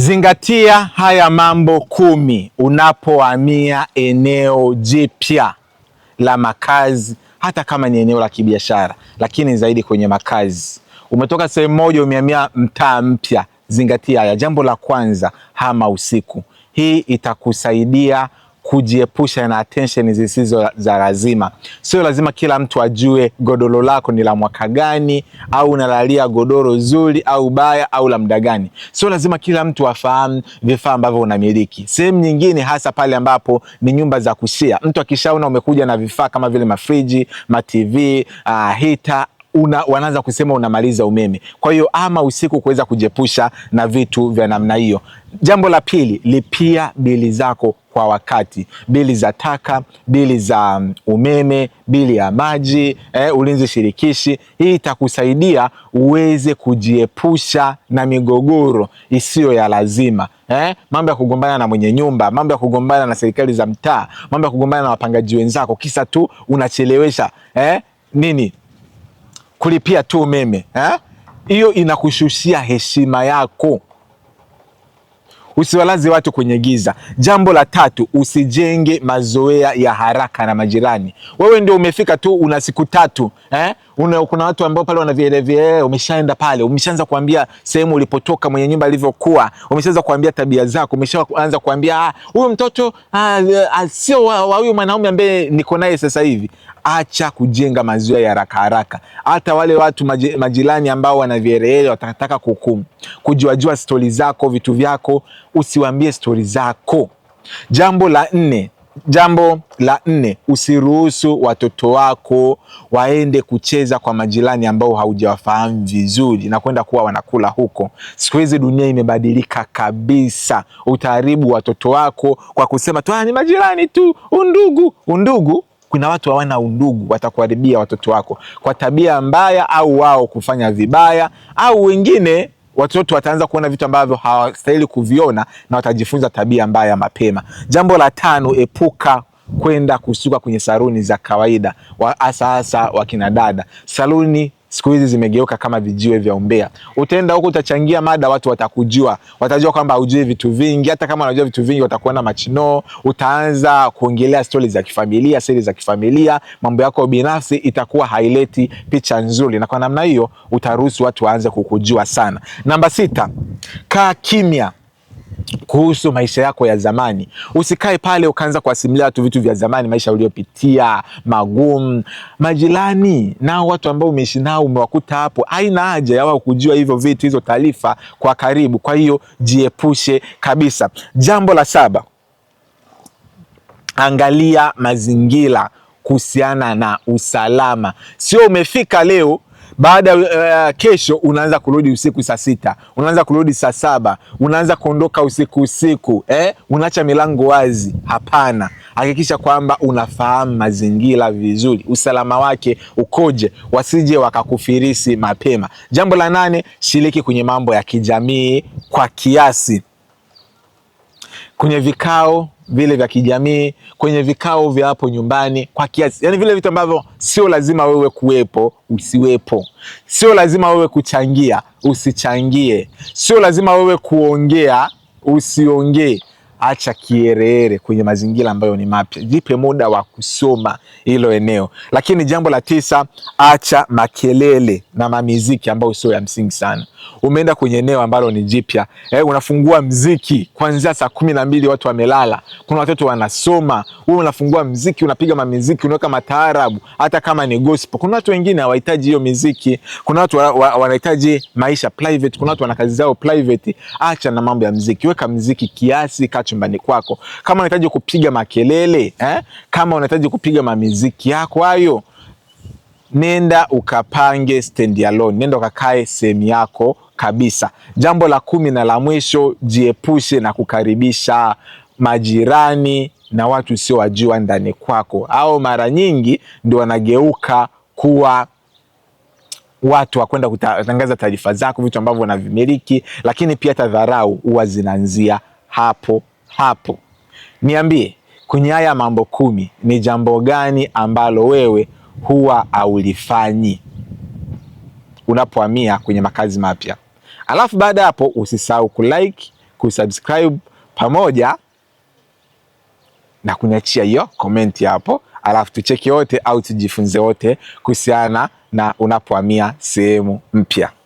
Zingatia haya mambo kumi unapohamia eneo jipya la makazi, hata kama ni eneo la kibiashara, lakini zaidi kwenye makazi. Umetoka sehemu moja umehamia mtaa mpya, zingatia haya. Jambo la kwanza, hama usiku. Hii itakusaidia kujiepusha na attention zisizo za lazima. Sio lazima kila mtu ajue godoro lako ni la mwaka gani, au unalalia godoro zuri au baya au la muda gani. Sio lazima kila mtu afahamu vifaa ambavyo unamiliki. Sehemu nyingine, hasa pale ambapo ni nyumba za kushia, mtu akishaona umekuja na vifaa kama vile mafriji, matv, uh, ah, hita una, wanaanza kusema unamaliza umeme. Kwa hiyo ama usiku kuweza kujiepusha na vitu vya namna hiyo. Jambo la pili, lipia bili zako kwa wakati, bili za taka, bili za mm, umeme, bili ya maji, eh, ulinzi shirikishi. Hii itakusaidia uweze kujiepusha na migogoro isiyo ya lazima eh, mambo ya kugombana na mwenye nyumba, mambo ya kugombana na serikali za mtaa, mambo ya kugombana na wapangaji wenzako, kisa tu unachelewesha eh, nini kulipia tu umeme hiyo eh, inakushushia heshima yako. Usiwalaze watu kwenye giza. Jambo la tatu, usijenge mazoea ya haraka na majirani. Wewe ndio umefika tu, una siku tatu eh? Una, kuna watu ambao pale wana eh, umeshaenda pale, umeshaanza kuambia sehemu ulipotoka, mwenye nyumba alivyokuwa, umeshaanza kuambia tabia zako, umeshaanza kuambia ah, huyu mtoto ah, ah, sio wa huyu mwanaume ambaye niko naye sasa hivi acha kujenga maziwa ya haraka haraka. Hata wale watu majirani ambao wana vierehele watataka kuhukumu, kujuajua stori zako vitu vyako, usiwaambie stori zako. Jambo la nne, jambo la nne, usiruhusu watoto wako waende kucheza kwa majirani ambao haujawafahamu vizuri na kwenda kuwa wanakula huko. Siku hizi dunia imebadilika kabisa. Utaharibu watoto wako kwa kusema tu ah, ni majirani tu, undugu. Undugu kuna watu hawana undugu, watakuharibia watoto wako kwa tabia mbaya, au wao kufanya vibaya, au wengine watoto wataanza kuona vitu ambavyo hawastahili kuviona na watajifunza tabia mbaya mapema. Jambo la tano, epuka kwenda kusuka kwenye saluni za kawaida, hasa hasa wakina dada. Saluni siku hizi zimegeuka kama vijiwe vya umbea. Utaenda huko utachangia mada, watu watakujua, watajua kwamba hujui vitu vingi. Hata kama unajua vitu vingi, watakuona machinoo. Utaanza kuongelea stori za kifamilia, siri za kifamilia, mambo yako binafsi, itakuwa haileti picha nzuri, na kwa namna hiyo utaruhusu watu waanze kukujua sana. Namba sita, kaa kimya kuhusu maisha yako ya zamani. Usikae pale ukaanza kuwasimulia watu vitu vya zamani, maisha uliopitia magumu. Majirani nao watu ambao umeishi nao umewakuta hapo, haina haja ya wao kujua hivyo vitu, hizo taarifa kwa karibu. Kwa hiyo jiepushe kabisa. Jambo la saba, angalia mazingira kuhusiana na usalama. Sio umefika leo baada ya uh, eh, kesho unaanza kurudi usiku saa sita, unaanza kurudi saa saba, unaanza kuondoka usiku usiku eh? Unaacha milango wazi? Hapana, hakikisha kwamba unafahamu mazingira vizuri, usalama wake ukoje, wasije wakakufirisi mapema. Jambo la nane, shiriki kwenye mambo ya kijamii kwa kiasi kwenye vikao vile vya kijamii, kwenye vikao vya hapo nyumbani kwa kiasi, yani vile vitu ambavyo sio lazima wewe kuwepo, usiwepo. Sio lazima wewe kuchangia, usichangie. Sio lazima wewe kuongea, usiongee acha kiherehere kwenye mazingira ambayo ni mapya, jipe muda wa kusoma hilo eneo. Lakini jambo la tisa, acha makelele na mamiziki ambayo sio ya msingi sana. Umeenda kwenye eneo ambalo ni jipya eh, unafungua mziki kuanzia saa kumi na mbili watu wamelala, kuna watoto wanasoma, wewe unafungua mziki, unapiga mamiziki, unaweka mataarabu, hata kama ni gospel. Kuna watu wengine hawahitaji hiyo miziki, kuna watu wanahitaji wa, wa maisha private, kuna watu wana kazi zao private. Acha na mambo ya mziki, weka mziki kiasi chumbani kwako, kama unahitaji kupiga makelele eh? kama unahitaji kupiga mamiziki yako hayo, nenda ukapange stand alone, nenda ukakae sehemu yako kabisa. Jambo la kumi na la mwisho, jiepushe na kukaribisha majirani na watu usiowajua ndani kwako, au mara nyingi ndio wanageuka kuwa watu wa kwenda kutangaza taarifa zako, vitu ambavyo wanavimiliki. Lakini pia tadharau huwa zinaanzia hapo hapo. Niambie, kwenye haya mambo kumi ni jambo gani ambalo wewe huwa haulifanyi unapohamia kwenye makazi mapya? Alafu baada hapo usisahau kulike, kusubscribe pamoja na kuniachia hiyo komenti hapo, alafu tucheke wote au tujifunze wote kuhusiana na unapohamia sehemu mpya.